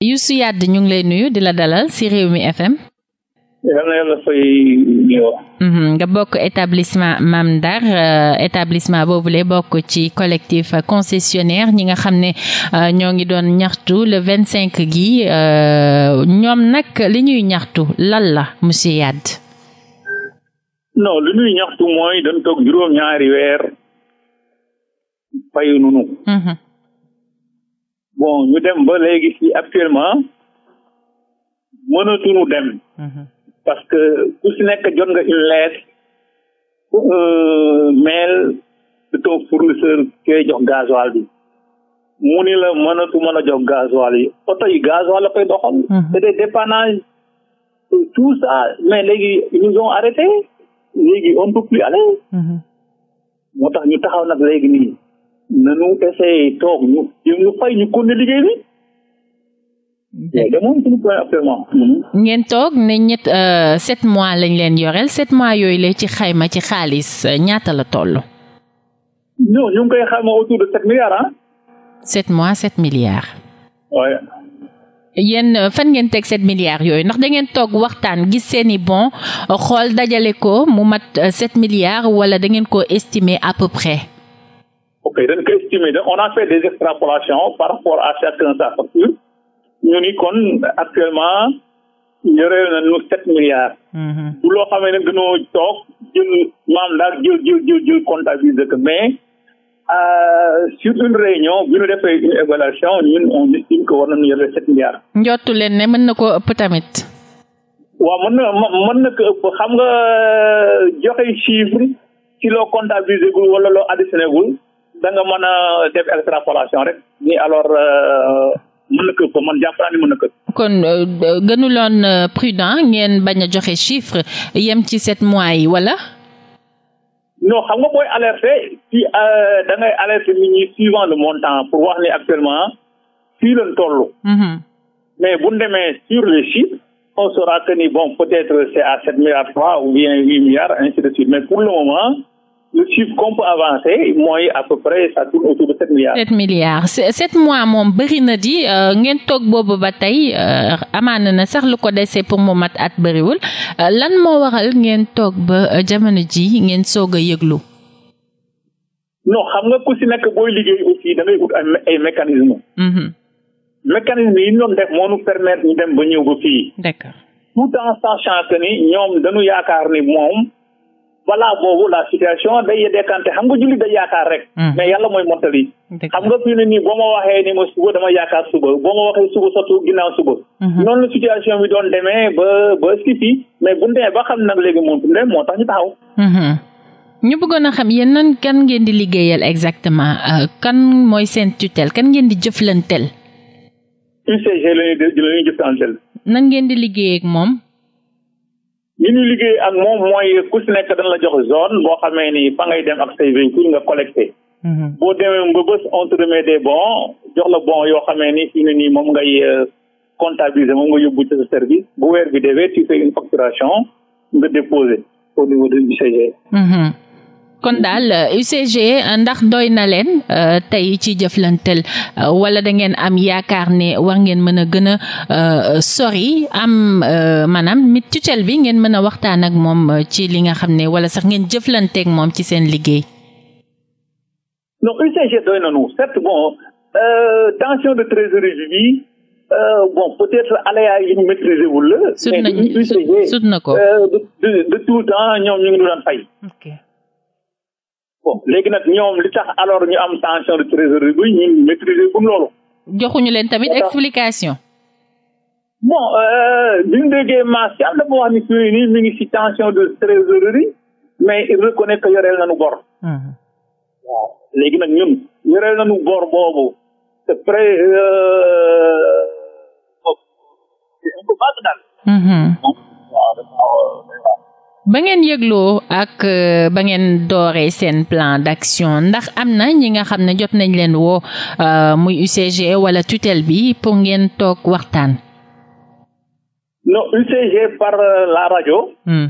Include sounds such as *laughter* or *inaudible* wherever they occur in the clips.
Youssou Wade ñu ngi lay nuyu di la dalal ci Rewmi FM mhm, nga bokk établissement Mame Ndar euh, boobu boobule bokk ci collectif concessionnaire ñi nga xam ne euh, ñoo ngi doon ñaxtu le vingt cinq gi euh, ñoom nag li ñuy ñaxtu lan la monsieur Wade non li ñuy ñaxtu mooy dañ toog juróom ñaari weer fayu nunu mhm. bon ñu dem ba léegi si actuellement mënatuñu dem. Mhm. parce que ku si nekk jot nga une lettre un euh, mail de ton fournisseur koy jox gasoil bi mu ni la mënatu mën a jox gasoil yi oto yi gasoil la koy doxal. Mhm. c'est des dépannages tout ça mais léegi ils nous ont léegi on peut plus aller. Mhm. moo tax ñu taxaw nag léegi nii. nanu essayé toog ñu ñu ñu kon ne liggéey bi damoom ngeen toog ne ñett euh, mois lañ leen yoreel sept mois yooyu le ci xayma ci xaalis ñaata la toll non ñu ngi koy xayma autour de sept milliards ah mois sept milliards waaye yéen euh, ngeen teg set milliards yooyu ndax da ngeen toog waxtaan gis seeni bon xool dajale ko mu mat euh, set milliards wala da ngeen ko estimer à peu près ok dañ ko estimé de on a fait des extrapolations par rapport à chacun sa facture ñu ni kon actuellement yore na nu sept milliards mm-hmm. bu loo xamee ne dañoo toog jël maam daal jël jël jël jël comptabiliser que mais euh, sur une réunion bi ñu defee une évaluation ñun on estime que war nañu yore sept milliards njottu ne mën na ko ëpp tamit mën na mën xam nga joxe chiffre ci loo comptabiliser gul wala loo additionné gul da nga mën a def extrapolation rek ni alors euh, mën na këpp ko man jàpp naa ni mën na këpp kon euh, euh, gënuloon prudent ngeen bañ a joxe chiffre yem ci sept mois yi wala non xam nga booy alerter ci da ngay alerter nit ñi suivant le montant pour wax ni actuellement fii lañ toll mhm. mais bu ñu sur les chiffres on que ni bon peut-être c'est à sept milliards trois ou bien huit milliards ainsi de suite mais pour le moment le chiffre qu'on peut avancer mooy à peu près ça tourne de sept milliards. sept mois moom bëri na di euh, ngeen toog boobu ba tey euh, amaana na sax lu ko dese pour mu mat at bëriwul euh, lan moo waral ngeen toog ba jamono ji ngeen soog a yëglu. non xam nga ku si nekk booy liggéey aussi da ut ay mécanisme mécanisme mhm. yi ñu doon moo ñu permettre ñu dem ba ñëw ba fii. tout en sachant que ni ñoom dañu yaakaar ni moom. balaa boobu la situation day dekkante xam nga julli da yaakaar rek. Hmm. mais yàlla mooy mottali. xam nga fi ne nii boo ma waxee ni ma suba dama yaakaar suba boo ma waxee suba sotu ginnaaw suba. Hmm. noonu la situation bi doon demee ba ba mais bu ba xam nag léegi moom moo tax ñu taxaw. Hmm. ñu bëggoon a xam yéen nan kenn ngeen di liggéeyal exactement euh, kan mooy seen tutelle kenn ngeen di jëflanteel. UCG la ñuy jëflanteel. nan ngeen di liggéeyee moom. li ñu liggéey ak moom mooy ku si nekk dañ la jox zone boo xamee nii fa ngay dem ak say véhicule nga collecté. Mhm. boo demee ba bés on te des bons jox la bon yoo xamee ni fi mu ne nii moom ngay euh, comptabiliser moom nga yóbbu ci sa service bu weer bi dewee tu fais une facturation nga déposer au niveau de CGE. Mhm. kon daal UCG euh, euh, ndax doy na leen euh, tey ci jëflantel wala dangeen am yaakaar ne war ngeen mën a gën a sori am maanaam mit tutelle bi ngeen mën a waxtaan ak moom ci li nga xam ne wala sax ngeen jëflanteek moom ci seen liggéey. non na ko ko léegi nag ñoom li tax alors ñu am tension de trésorerie bi ñun maîtriser bu loolu. joxuñu leen tamit explication. bon euh, bi ñu déggee Martial dafa wax ni fii nii mi ngi si tension de trésorerie mais il reconnaît que yoreel nañu bor. Hmm. léegi nag ñun yoreel nañu bor boobu te pré. c'est un peu ba ngeen yégloo ak euh, ba ngeen dooree seen plan d'action ndax am na ñi nga xam ne jot nañ leen woo euh, muy UCG wala tutelle bi pour ngeen toog waxtaan. non UCG par euh, la rajo. Hmm.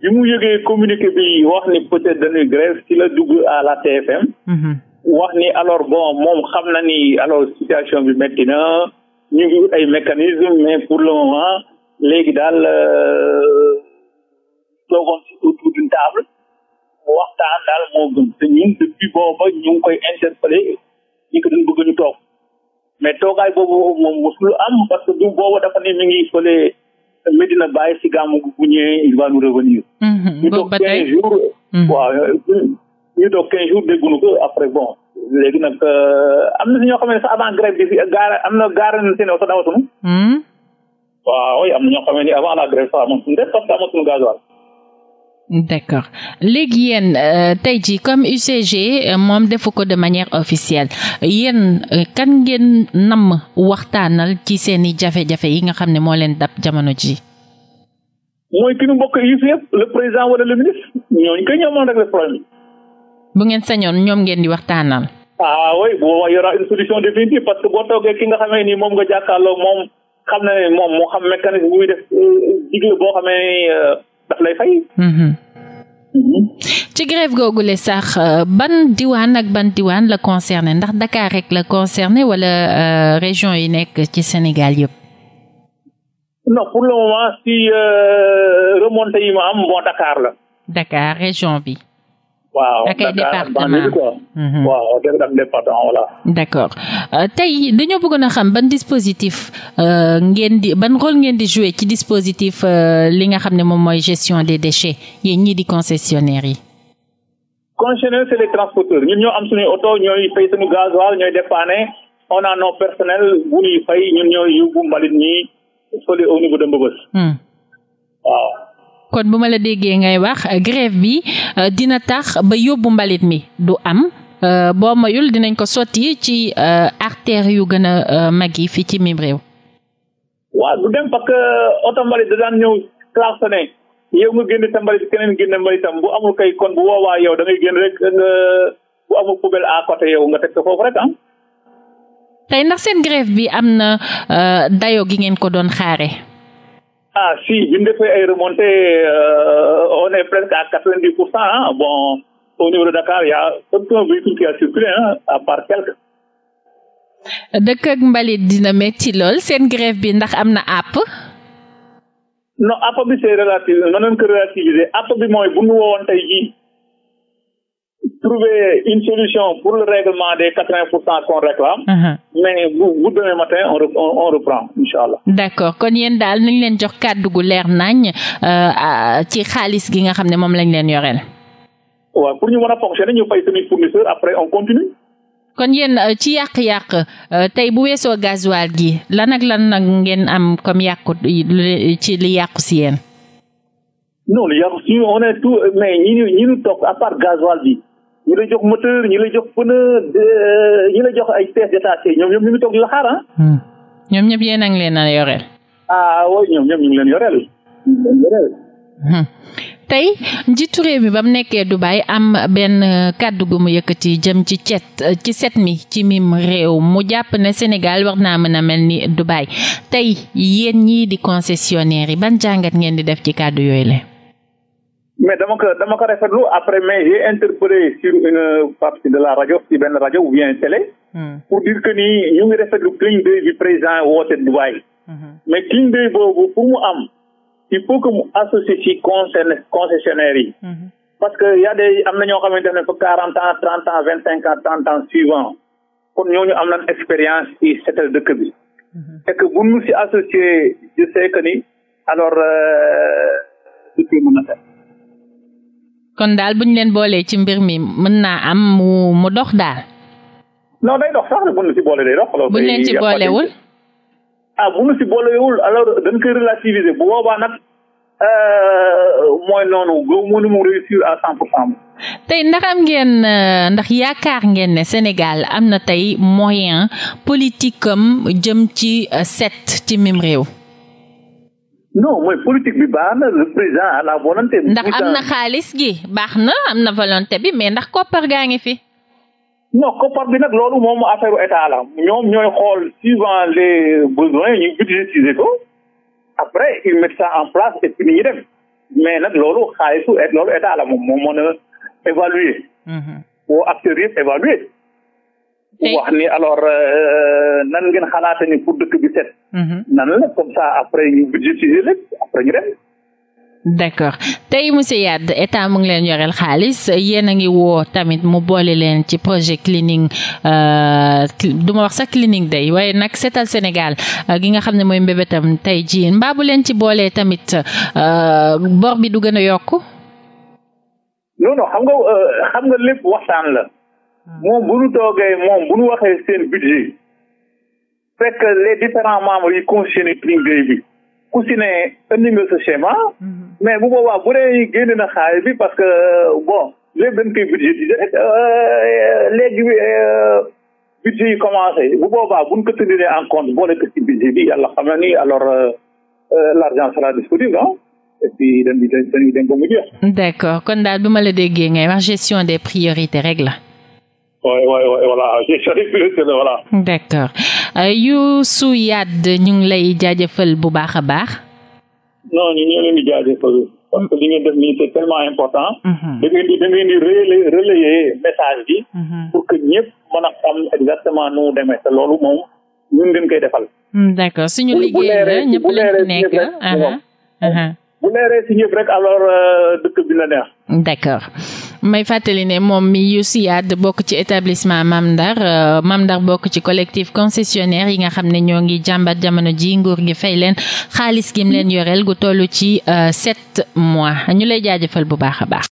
bi mu yëgee communiqué bi wax ni peut-être dañuy grève ci la dugg à la TFM. Hmm. wax ni alors bon moom xam na ni alors situation bi métti na ñu ngi ay mécanisme mais pour le moment léegi daal. daal moo gën te ñun depuis booba ñu koy interpellé ñu ko doon bëgg ñu toog mais toogaay boobu moom mosul am parce que du booba mi ngi fële Medina Baye si gàmmu bu ñëwee il va nous revenir. Mm-hmm. ñu toog quinze jours. Mm-hmm. waaw ñu toog quinze jours dégguñu ko après bon. léegi euh, na si ñoo xam ne sax avant grève bi fi gaara mm-hmm. waaw am ñoo xam ne avant la grève sax amatuñu def parce que d'accord léegi yéen euh, tey jii comme UCG euh, moom defu ko de manière officielle yéen euh, kan ngeen namm waxtaanal ci seeni jafe-jafe yi nga xam ne moo leen dab jamono ci mooy ki ñu mbokk yi fi yëpp le président wala le ministre ñooñu kay ñoo rek le problème bu ngeen sañoon ñoom ngeen di waxtaanal ah oui bu boobaa y aura une solution définitive parce que boo toogee ki nga xamee nii moom nga jàkkaarloo moom xam ne moom moo xam mécanisme buy def digle boo xamee daf lay fay. Mm-hmm. Mm-hmm. ci grève googu sax euh, ban diwaan ak ban diwaan la concerné ndax Dakar rek la concerné wala euh, région yi nekk ci Sénégal yëpp. non pour le moment si euh, remontée yi ma am Dakar la. Dakar région bi. waaw ak ay département mhm. waaw ak département voilà. d'accord euh, tey dañoo bëggoon a xam ban dispositif euh, ngeen di ban rôle ngeen di jouer ci dispositif euh, li nga xam ne moom mooy gestion des déchets yéen ñii di concessionnaires yi. concessionnaires c'est les transporteurs ñun ñoo am suñuy oto ñooy fay suñu gasoil ñooy dépanner on a nos personnels fay ñun ñooy yóbbu mbalit ñi fële au niveau de Mbëbës. Hmm. waaw. kon bu ma la déggee ngay wax grève bi euh, dina tax ba yóbbu mbalit mi du am euh, boo mayul dinañ ko sotti ci euh, artère yu gën a mag yi fii ci mim réew. waaw du dem parce oto mbalit da daan ñëw klaxonné yow nga génn sa mbalit keneen génne mbalitam bu amul kay kon bu woowaa yow da génn rek bu amul poubelle à côté nga teg ko foofu rek ah. tey ndax seen grève bi am na dayo gi ngeen ko doon xaare Ah si, Hyundai est remonté, euh, on est presque à 90 hein. Bon, au niveau de Dakar, il y a aucun véhicule qui a circulé, hein, à part quelques. dëkk ak mbalit dina metti lool seen grève bi ndax am na àpp. non àpp bi c'est relative noonu ko relativiser àpp bi mooy bu ñu woowoon tey jii. trouver une solution pour le règlement des quatre-vingts pour cent qu'on réclame. Uh-huh. mais bu bu demain matin on reprend incha d'accord kon yéen daal nañ leen jox kàddu gu leer nañ euh, ci xaalis gi nga xam ne moom lañ leen yoreel. waaw pour ñu mën a fonctionner ñu fay tamit fournisseur après on continue. kon yéen euh, ci yàq-yàq euh, tey bu weesoo gasoil ji lan ak lan nag ngeen am comme yàqu ci li yàqu si yéen. non li yàqu si on est tout mais ñi ñu ñu toog à part gasoil bi ñi lay jox moteur ñi lay jox pneu euh, ñi lay jox ñoom ñoom ñu ngi toog di la xaar ah. Hmm. ñoom ñëpp yéen a ngi leen a yoreel. Ah, ñoom ñoom ñu leen yoreel. Hmm. tey njiitu réew mi ba mu nekkee Dubai am benn kàddu gu mu yëkkati jëm ci cet ci set mi ci mim réew mu jàpp ne Sénégal war naa mën a mel ni Dubai tey yéen ñii di concessionnaire yi ban jàngat ngeen di def ci kàddu yooyu le mais dama ko dama ko rafetlu après mais j'ai interpellé sur une partie de la rajo si benn rajo ou bien télé. Hmm. pour dire que ni ñu ngi rafetlu clin d'œil bi président woote Dubaï. Hmm. mais clin d'œil boobu pour mu am il faut que mu associé si concession concessionnaire yi. Hmm. parce que ya a am na ñoo xamante ne fa quarante ans trente ans vingt cinquante ans trente ans suivant kon ñooñu am na expérience ci seetal dëkk bi. et que bu ñu si associé je sais que ni alors. Euh, kon daal bu leen boolee ci mbir mi mën naa am mu dox daal. non day dox sax bu ñu ci boole day dox. bu ah, ci boolewul. ah alors dañ koy relativiser bu boobaa nag euh, tey ndax am ngeen euh, ndax yaakaar ngeen ne Sénégal am na tey moyen politique am jëm ci euh, set ci mim réew. non mooy politique bi baax na le président à la volonté. ndax am na xaalis gi baax na am na volonté bi mais ndax koppar gaa ngi fi. non koppar bi nag loolu moom affaire état la ñoom ñooy xool suivant les besoins ñu budgétiser ko après ils mettent ça en place et puis ñu dem mais nag loolu xaalisu et loolu état la moom moom mën a évaluer. woo mhm. acteurs yëpp évaluer. wax ni alors euh, nan ngeen xalaate ni pour dëkk bi set. Mhm. nan la comme ça après ñu budgétiser lépp après ñu dem. d'accord tey monsieur Yade état mu ngi leen yoreel xaalis yéen a ngi woo tamit mu boole leen ci projet cleaning euh, duma wax sax cleaning day waaye nag seetal Sénégal euh, gi nga xam ne mooy mbébétam tey jii mbaa bu leen ci boolee tamit bor bi du gën a yokk. non xam nga xam waxtaan la. moom bu ñu toogee moom bu ñu waxee seen budget fekk les différents membres yi constitué liggéey bi ku si ne indi nga sa schéma mm-hmm. mais bu boobaa bu dee génne na xaalis bi parce que bon lépp dañ koy budgétiser rek léegi euh, budget yi commencé bu boobaa buñ ko tenir en compte boole ko ci budget bi yàlla xam na ni alors euh, euh, l'argent sera disponible non et puis dañ dañ dañ ko mujjee d'accord kon daal bi ma la déggee ngay wax gestion des priorités rek la voilà *laughs* voilà. d' accord euh, Youssou Yade ñu ngi lay jaajëfal bu baax a baax. non ñu ñoo leen di jaajëfal parce que li ngeen def nii c' est tellement important. Mhm. da ngeen di da ngeen di relayer relayer message bi. Mhm. pour que ñëpp mën a xam exactement nu mu te loolu moom ñun dañ koy defal. Mm, d' suñu liggéey la ñëpp lañ nekk uh-huh. Uh-huh. bu leeree si ñëpp rek alors euh, dëkk bi la neex. d' may fàttali ne moom mi USAID bokk ci établissement Maam Ndar euh, Ndar bokk ci collectif concessionnaire yi nga xam ne ñoo ngi jàmbat jamono ji nguur gi fay leen xaalis gim leen yoreel gu toll ci euh, sept mois ñu lay jaajëfal bu baax a baax.